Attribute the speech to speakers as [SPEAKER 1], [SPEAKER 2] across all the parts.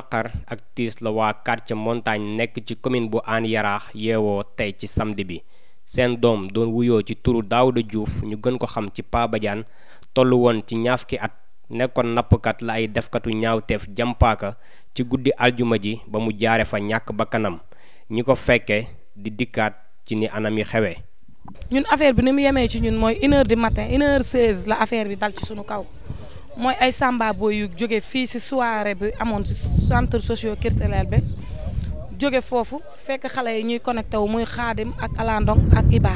[SPEAKER 1] naqar ak tiis la waa quartier montagne nekk ci commune bu Hann Yaraax yeewoo tey ci samedi bi seen doom doon wuyoo ci turu Daouda Diouf ñu gën ko xam ci Pa Badiane tollu woon ci ñaaf ki at nekkoon nappkat la ay defkatu ñaawteef jàmpaaka ci guddi aljuma ji ba mu jaare fa ñàkk ba kanam ñi ko fekke di dikkaat ci ni anam yi xewee
[SPEAKER 2] ñun affaire bi ni mu yemee ci ñun mooy une heure matin une seize la affaire bi dal ci sunu kaw mooy ay samba boy yu jóge fii si soirée bi amoon centre socio culturel bi jóge foofu fekk xale yi ñuy connecté wu muy xaadim ak alandong ak Iba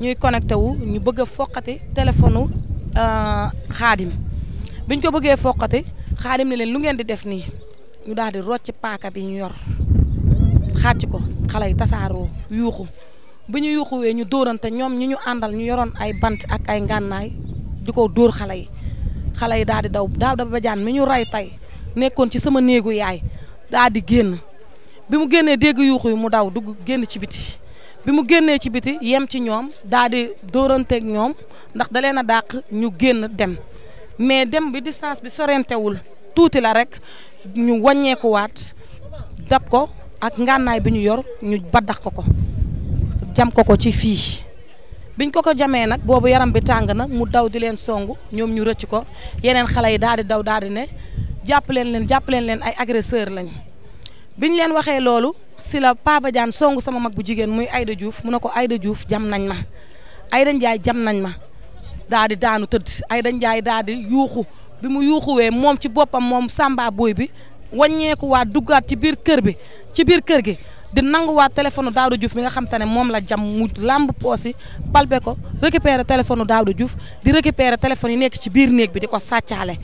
[SPEAKER 2] ñuy connecté wu ñu bëgg a foqati téléphone u xaadim euh, biñ ko bëggee foqati xaadim ne leen lu ngeen di def nii ñu daal di rocc paaka bi ñu yor xàcc ko xale yi tasaaroo yuuxu bi ñu yuuxuwee ñu dóorante ñoom ñi ñu àndal ñu yoroon ay bant ak ay ngànnaay di ko dóor xale yi xale yi daal di daw daaw da ba jaan mi ñu rey tey nekkoon ci sama néegu yaay daal di génn bi mu génnee dégg yuuxu yi mu daw dugg génn ci biti bi mu génnee ci biti yem ci ñoom daal di dóoranteeg ñoom ndax da leen a dàq ñu génn dem mais dem bi distance bi sorentewul tuuti la rek ñu wàññeekuwaat dab ko ak ngànnaay bi ñu yor ñu baddax ko ko jam ko ko ci fii biñ ko ko jamee nag boobu yaram bi tàng na mu daw di leen song ñoom ñu rëcc ko yeneen xale yi daal di daw daal ne jàpp leen leen jàpp leen ay agresseur lañ biñ leen waxee loolu si la Papa Diagne song sama mag bu jigéen muy Aïda juuf mu ne ko Aïda Diouf jam nañ ma Aïda Ndiaye jam nañ ma daal daanu tëdd Aïda Ndiaye daal di yuuxu bi mu yuuxuwee moom ci boppam moom Samba Boy bi wàññeeku waa duggaat ci biir kër bi ci biir kër gi di nanguwaat téléphone Daouda Diouf mi nga xam te ne moom la jam mu làmb poos yi palpe ko récupérer téléphone Daouda Diouf di récupérer téléphone yi nekk ci biir néeg bi di ko sàccaale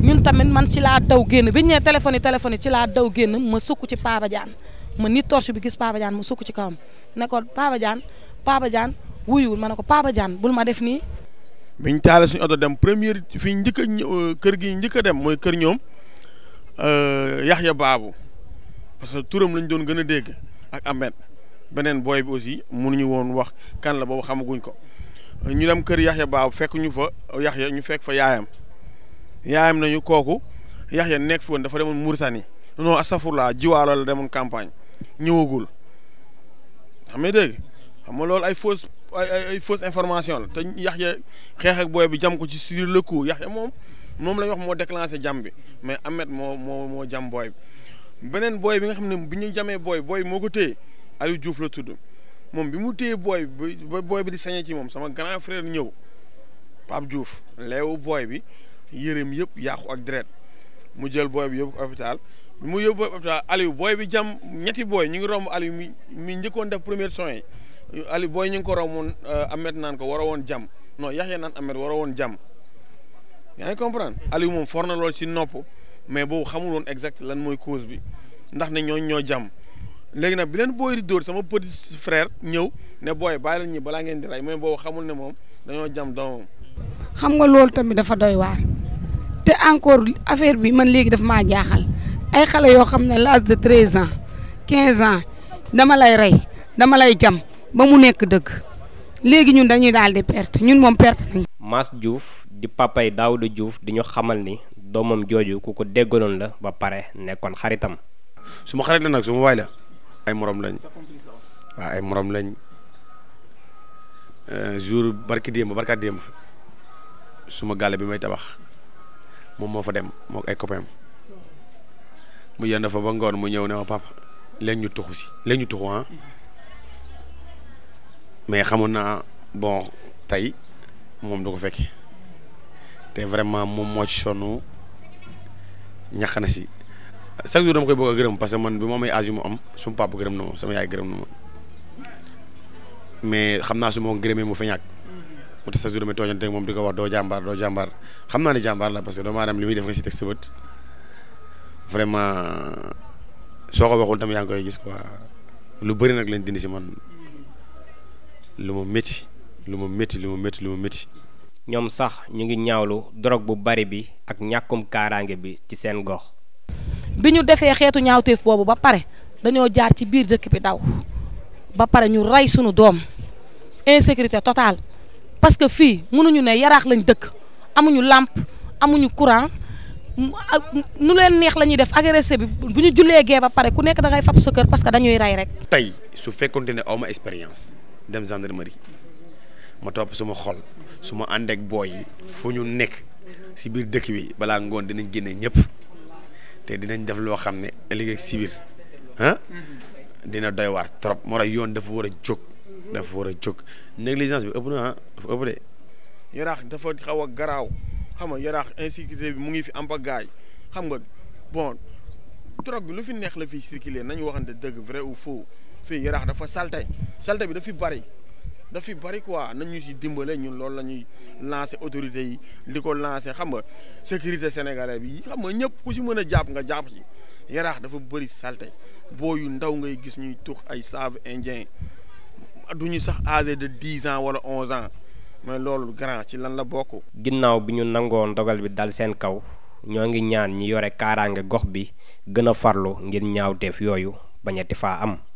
[SPEAKER 2] ñun tamit man ci laa daw génn bi ñu nee téléphone yi téléphone yi ci laa daw génn ma sukk ci Papa Diagne ma ni torche bi gis Papa Diagne ma sukk ci kawam ne ko jaan paaba Papa Diagne wuyuwul ma ne ko paaba jaan bul ma def nii.
[SPEAKER 3] biñ taale si oto dem première fii njëkk a euh, kër gi njëkk a dem mooy kër ñoom euh, Yaxya Baabu parce que turam lañ doon gën a dégg. ak Ahmed beneen booy bi aussi mënuñu woon wax kan la boobu xamaguñ ko ñu dem kër Yaxya Baabu fekk ñu fa Yaxya ñu fekk fa yaayam yaayam nañu kooku Yaxya nekk fi woon dafa demoon Mauritanie non astafurlaa jiwaalo la demoon campagne ñëwagul xam dégg xam nga loolu ay fausse ay information la te Yaxya xeex ak booy bi jam ko ci sur le coup Yaxya moom moom la wax moo déclenché jam bi mais Ahmed moo moo moo jam booy bi. beneen booy bi nga xam ne bi ñu jamee booy booy moo ko téye Aliou Diouf la tudd moom bi mu téye booy bi ba booy bi di señee ci moom sama grand frère ñëw Pape juuf leewu booy bi yëreem yëpp yàqu ak deret mu jël booy bi yóbbu hôpital bi mu yóbbu hôpital Aliou booy bi jam ñetti booy ñu ngi romb Aliou mi mi njëkkoon def premiers soins yi Aliou booy ñu ngi ko romboon euh, Ahmed naan ko waroo woon jam non Yaxya naan Ahmed waroo woon jam yaa ngi comprendre Aliou moom foor na lool si nopp mais boobu xamul woon exact lan mooy cause bi ndax ne ñooñ ñoo jàmm léegi nag bi leen booy di dóor sama petit frère ñëw ne booy bàyyi la balaa ngeen di rey mais boobu xamul ne moom dañoo jàmm doomam.
[SPEAKER 2] xam nga loolu tamit dafa doy waar te encore affaire bi man léegi dafa maa jaaxal ay xale yoo xam ne l'âge de treize ans quinze ans dama lay rey dama lay jàmm ba mu nekk dëgg léegi ñun dañuy daal di perte ñun moom perte nañ
[SPEAKER 1] Mass Diouf di papay Daouda Diouf di ñu xamal ni doomam jooju ku ko déggaloon la ba pare nekkoon xaritam. su ma xarit la nag su ma waay la ay moroom lañ
[SPEAKER 4] waaw ay morom lañ euh, jour barki démb barkaat démb suma gàlle bi may tabax moom moo fa dem moo ay copain mu yënd fa ba ngoon mu ñëw ne ma papa léegi ñu tuxu si léegi ñu tuxu ah mais xamoon naa bon tey moom du ko fekkee te vraiment moom moo ci sonn. ñax na si chaque jour dama koy bëgg gërëm parce que man bi ma amee âge yu mu am suma papa gërëm na ma sama yaay gërëm na naa su ma ko mu fa ñàkk mu tax chaque moom di ko wax doo jàmbaar doo xam naa ne jàmbaar la parce que doomu aadama li vraiment soo ko waxul tam yaa ngi lu bëri nag lañ dindi si man lu ma metti lu ma métti lu ma
[SPEAKER 1] ñoom sax ñu ngi ñaawlu drogue bu bari bi ak ñàkkum kaaraange bi ci seen gox.
[SPEAKER 2] bi ñu defee xeetu ñaawteef boobu ba pare dañoo jaar ci biir dëkk bi daw ba pare ñu rey sunu doom insécurité total parce que fii mënuñu ne yaraax lañ dëkk amuñu làmp amuñu courant. nu leen neex la ñuy def agressé bi bu ñu jullee gee ba pare ku nekk da ngay fàttu sa kër parce que dañuy ray rek.
[SPEAKER 4] tey su fekkonte ne aw ma expérience dem gendarmerie ma topp suma xol suma ma booy yi fu ñu nekk si biir dëkk bi balaa ngoon dinañ génne ñëpp te dinañ def loo xam ne ëllëg ak si biir ah, dina doy waar trop moo tax yoon dafa war a jóg dafa jóg négligence bi ëpp na ah
[SPEAKER 3] dafa ëpp xaw a garaaw xam nga yaraax insécurité bi mu ngi fi am xam nga bon drogue bi lu fi neex la fiy circuler nañu waxante dëgg vrai ou faux fii yaraax dafa salte salte bi dafa bari. daf fi bari quoi nañ ñu si dimbale ñu loolu la ñuy lancé autorités yi li ko lancé xam nga sécurité sénégalais bi xam nga ñëpp ku si mën a jàpp nga jàpp si yaraax dafa bëri salte boo yu ndaw ngay gis ñuy tux ay save indien du ñu sax âgé de dix ans wala onze ans mais loolu grand ci lan la bokk.
[SPEAKER 1] ginnaaw bi ñu nangoo ndogal bi dal seen kaw ñoo ngi ñaan ñi yore kaaraange gox bi gën a farlu ngir def yooyu bañati faa am.